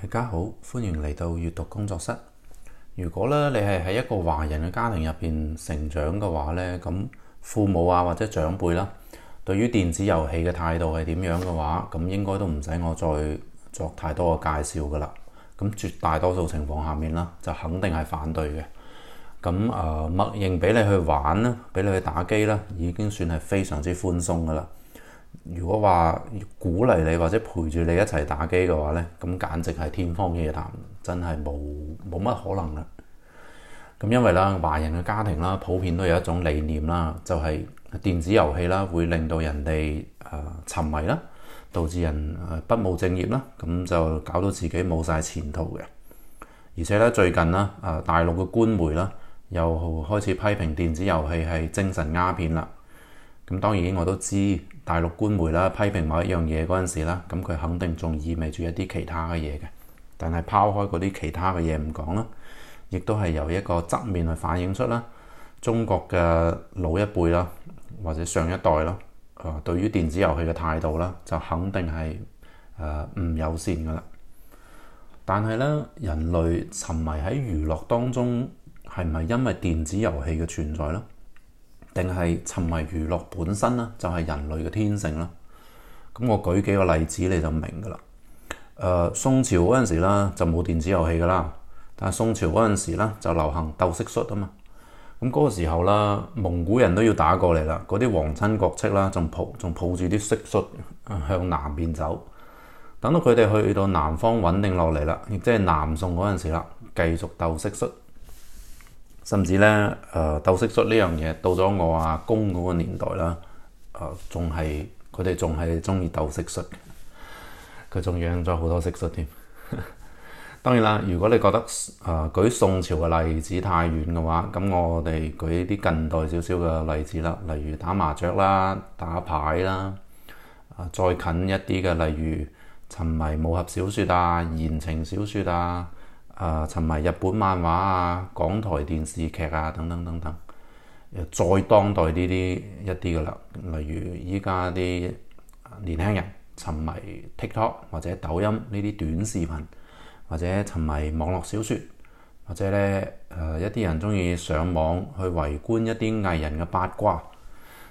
大家好，歡迎嚟到閱讀工作室。如果咧你係喺一個華人嘅家庭入邊成長嘅話咧，咁父母啊或者長輩啦、啊，對於電子遊戲嘅態度係點樣嘅話，咁應該都唔使我再作太多嘅介紹噶啦。咁絕大多數情況下面啦，就肯定係反對嘅。咁誒默認俾你去玩咧，俾你去打機啦，已經算係非常之寬鬆噶啦。如果話鼓勵你或者陪住你一齊打機嘅話呢，咁簡直係天方夜譚，真係冇冇乜可能嘅。咁因為啦，華人嘅家庭啦，普遍都有一種理念啦，就係、是、電子遊戲啦，會令到人哋、呃、沉迷啦，導致人不務正業啦，咁就搞到自己冇晒前途嘅。而且咧，最近啦，誒、呃、大陸嘅官媒啦，又開始批評電子遊戲係精神鴉片啦。咁當然我都知大陸官媒啦，批評某一樣嘢嗰陣時啦，咁佢肯定仲意味住一啲其他嘅嘢嘅。但係拋開嗰啲其他嘅嘢唔講啦，亦都係由一個側面去反映出啦，中國嘅老一輩啦，或者上一代啦，啊，對於電子遊戲嘅態度啦，就肯定係誒唔友善㗎喇。但係呢，人類沉迷喺娛樂當中，係唔係因為電子遊戲嘅存在咧？定係沉迷娛樂本身呢，就係人類嘅天性啦。咁我舉幾個例子你就明㗎喇。誒、呃，宋朝嗰陣時啦，就冇電子遊戲㗎喇，但係宋朝嗰陣時啦，就流行鬥蟋蟀啊嘛。咁、那、嗰個時候啦，蒙古人都要打過嚟啦，嗰啲皇親國戚啦，仲抱仲抱住啲蟋蟀向南邊走。等到佢哋去到南方穩定落嚟啦，亦即係南宋嗰陣時啦，繼續鬥蟋蟀。甚至咧，誒鬥蟋蟀呢樣嘢，到咗我阿公嗰個年代啦，仲係佢哋仲係鍾意鬥蟋蟀，佢仲養咗好多蟋蟀添。 當然啦，如果你覺得誒、呃、舉宋朝嘅例子太遠嘅話，咁我哋舉啲近代少少嘅例子啦，例如打麻雀啦、打牌啦，呃、再近一啲嘅，例如沉迷武俠小説啊、言情小説啊。啊、呃、沉迷日本漫畫啊、港台電視劇啊等等等等，又再當代呢啲一啲噶啦。例如依家啲年輕人沉迷 TikTok 或者抖音呢啲短視頻，或者沉迷網絡小說，或者呢誒、呃、一啲人中意上網去圍觀一啲藝人嘅八卦，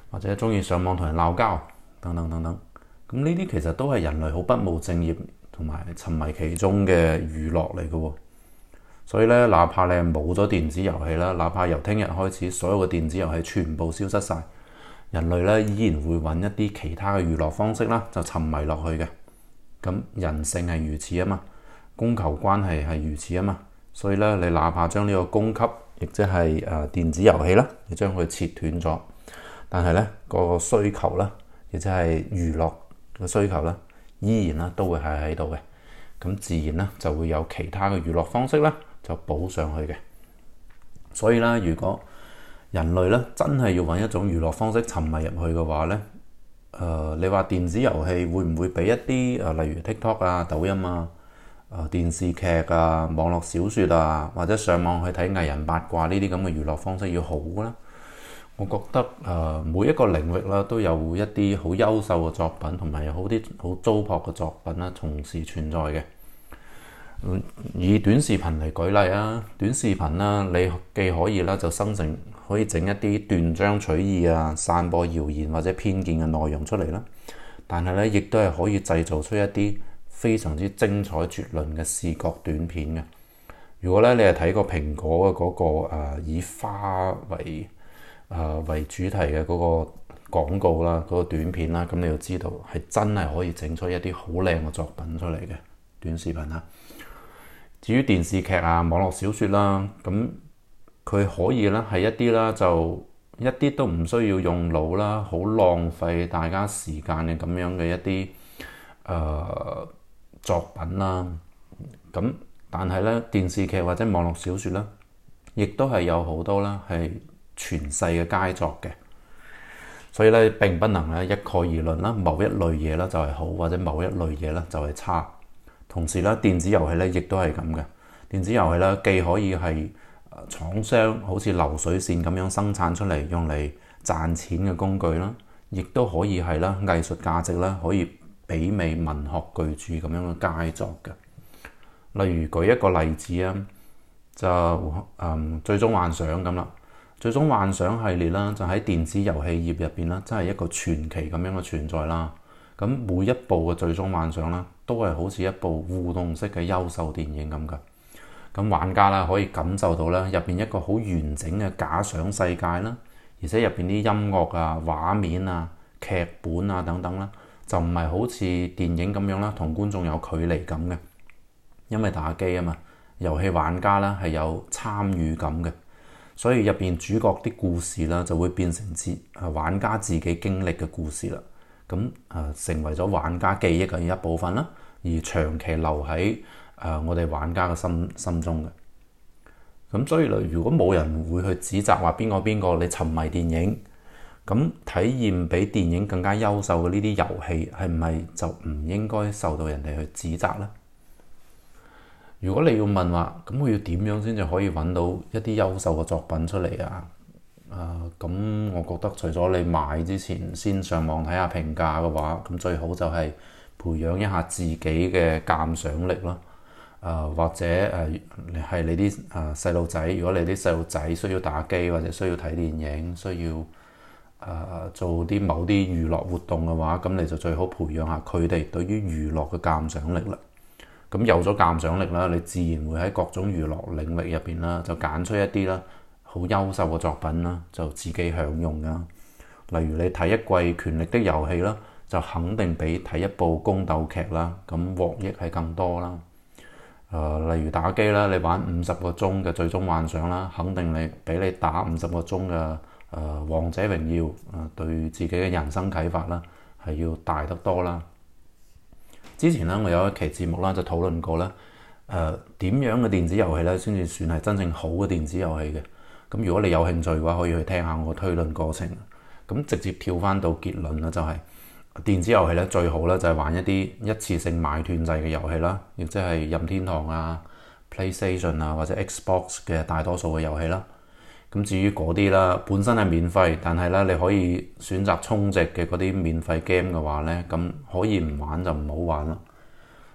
或者中意上網同人鬧交，等等等等。咁呢啲其實都係人類好不務正業同埋沉迷其中嘅娛樂嚟嘅喎。所以咧，哪怕你係冇咗電子遊戲啦，哪怕由聽日開始，所有嘅電子遊戲全部消失晒，人類咧依然會揾一啲其他嘅娛樂方式啦，就沉迷落去嘅。咁人性係如此啊嘛，供求關係係如此啊嘛。所以咧，你哪怕將呢個供給，亦即係誒電子遊戲啦，你將佢切斷咗，但係咧個需求啦，亦即係娛樂嘅需求啦，依然啦都會係喺度嘅。咁自然啦，就會有其他嘅娛樂方式啦，就補上去嘅，所以咧，如果人類咧真係要揾一種娛樂方式沉迷入去嘅話呢，誒、呃，你話電子遊戲會唔會比一啲誒、呃，例如 TikTok 啊、抖音啊、誒、呃、電視劇啊、網絡小說啊，或者上網去睇藝人八卦呢啲咁嘅娛樂方式要好咧？我覺得誒、呃、每一個領域啦，都有一啲好優秀嘅作品，同埋好啲好糟粕嘅作品啦，同時存在嘅。以短視頻嚟舉例啊，短視頻啦，你既可以啦，就生成可以整一啲斷章取義啊、散播謠言或者偏見嘅內容出嚟啦，但係咧亦都係可以製造出一啲非常之精彩絕倫嘅視覺短片嘅。如果咧你係睇過蘋果嘅嗰、嗰個、呃、以花為誒、呃、為主題嘅嗰個廣告啦、嗰、嗰個短片啦，咁你就知道係真係可以整出一啲好靚嘅作品出嚟嘅短視頻啊！至於電視劇啊、網絡小說啦、啊，咁佢可以咧係一啲啦，就一啲都唔需要用腦啦，好浪費大家時間嘅咁樣嘅一啲誒、呃、作品啦、啊。咁但係咧，電視劇或者網絡小說咧，亦都係有好多啦係傳世嘅佳作嘅，所以咧並不能咧一概而論啦，某一類嘢啦就係好，或者某一類嘢咧就係差。同時咧，電子遊戲咧亦都係咁嘅。電子遊戲咧，既可以係誒廠商好似流水線咁樣生產出嚟用嚟賺錢嘅工具啦，亦都可以係啦藝術價值啦，可以媲美文學巨著咁樣嘅佳作嘅。例如舉一個例子啊，就誒、嗯、最終幻想咁啦。最終幻想系列啦，就喺電子遊戲業入邊啦，真係一個傳奇咁樣嘅存在啦。咁每一部嘅最終幻想啦，都係好似一部互動式嘅優秀電影咁噶。咁玩家啦可以感受到啦，入邊一個好完整嘅假想世界啦，而且入邊啲音樂啊、畫面啊、劇本啊等等啦，就唔係好似電影咁樣啦，同觀眾有距離感嘅。因為打機啊嘛，遊戲玩家啦係有參與感嘅，所以入邊主角啲故事啦就會變成自玩家自己經歷嘅故事啦。咁啊，成為咗玩家記憶嘅一部分啦，而長期留喺啊、呃、我哋玩家嘅心心中嘅。咁所以如果冇人會去指責話邊個邊個你沉迷電影，咁體驗比電影更加優秀嘅呢啲遊戲，係唔係就唔應該受到人哋去指責咧？如果你要問話，咁我要點樣先至可以揾到一啲優秀嘅作品出嚟啊？啊，咁、呃、我覺得除咗你買之前先上網睇下評價嘅話，咁最好就係培養一下自己嘅鑑賞力啦。啊、呃，或者誒，係、呃、你啲啊細路仔，如果你啲細路仔需要打機或者需要睇電影，需要、呃、做啲某啲娛樂活動嘅話，咁你就最好培養下佢哋對於娛樂嘅鑑賞力啦。咁有咗鑑賞力啦，你自然會喺各種娛樂領域入邊啦，就揀出一啲啦。好優秀嘅作品啦，就自己享用㗎。例如你睇一季《權力的遊戲》啦，就肯定比睇一部宮鬥劇啦，咁獲益係更多啦。誒、呃，例如打機啦，你玩五十個鐘嘅《最終幻想》啦，肯定你比你打五十個鐘嘅誒《王者榮耀》誒、呃，對自己嘅人生啟發啦，係要大得多啦。之前咧，我有一期節目啦，就討論過咧。誒、呃，點樣嘅電子遊戲咧，先至算係真正好嘅電子遊戲嘅？咁如果你有興趣嘅話，可以去聽下我推論過程。咁直接跳翻到結論啦，就係電子遊戲咧，最好咧，就係玩一啲一次性買斷制嘅遊戲啦，亦即係任天堂啊、PlayStation 啊或者 Xbox 嘅大多數嘅遊戲啦。咁至於嗰啲啦，本身係免費，但係咧你可以選擇充值嘅嗰啲免費 game 嘅話咧，咁可以唔玩就唔好玩啦。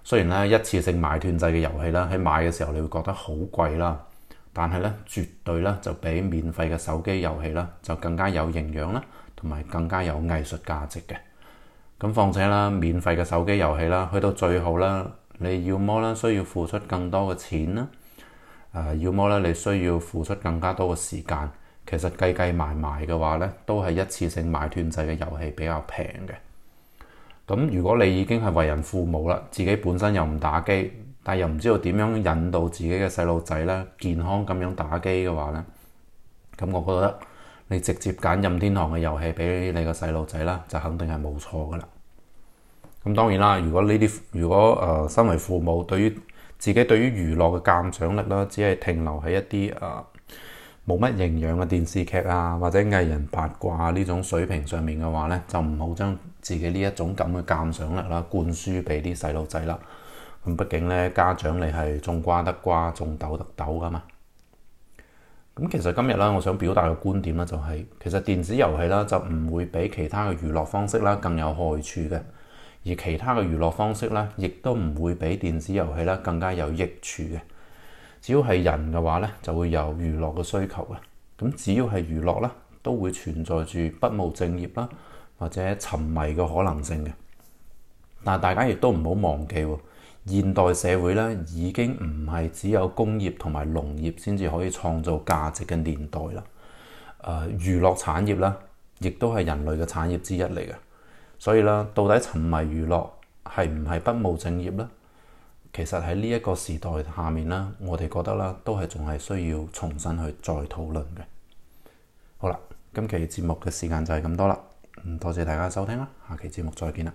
雖然咧一次性買斷制嘅遊戲啦，喺買嘅時候你會覺得好貴啦。但係咧，絕對咧就比免費嘅手機遊戲啦，就更加有營養啦，同埋更加有藝術價值嘅。咁況且啦，免費嘅手機遊戲啦，去到最後啦，你要麼啦，需要付出更多嘅錢啦，啊、呃，要麼啦你需要付出更加多嘅時間。其實計計埋埋嘅話咧，都係一次性買斷制嘅遊戲比較平嘅。咁如果你已經係為人父母啦，自己本身又唔打機。但又唔知道點樣引導自己嘅細路仔咧健康咁樣打機嘅話咧，咁我覺得你直接揀任天堂嘅遊戲俾你個細路仔啦，就肯定係冇錯㗎喇。咁當然啦，如果呢啲如果誒、呃、身為父母對於自己對於娛樂嘅鑒賞力啦，只係停留喺一啲誒冇乜營養嘅電視劇啊或者藝人八卦呢種水平上面嘅話咧，就唔好將自己呢一種咁嘅鑒賞力啦灌輸俾啲細路仔啦。咁畢竟咧，家長你係種瓜得瓜，種豆得豆㗎嘛。咁其實今日咧，我想表達嘅觀點咧、就是，就係其實電子遊戲啦，就唔會比其他嘅娛樂方式啦更有害處嘅，而其他嘅娛樂方式咧，亦都唔會比電子遊戲咧更加有益處嘅。只要係人嘅話咧，就會有娛樂嘅需求嘅。咁只要係娛樂啦，都會存在住不務正業啦，或者沉迷嘅可能性嘅。但係大家亦都唔好忘記。現代社會咧，已經唔係只有工業同埋農業先至可以創造價值嘅年代啦。誒、呃，娛樂產業咧，亦都係人類嘅產業之一嚟嘅。所以咧，到底沉迷娛樂係唔係不務正業咧？其實喺呢一個時代下面咧，我哋覺得咧都係仲係需要重新去再討論嘅。好啦，今期節目嘅時間就係咁多啦。多謝大家收聽啦，下期節目再見啦。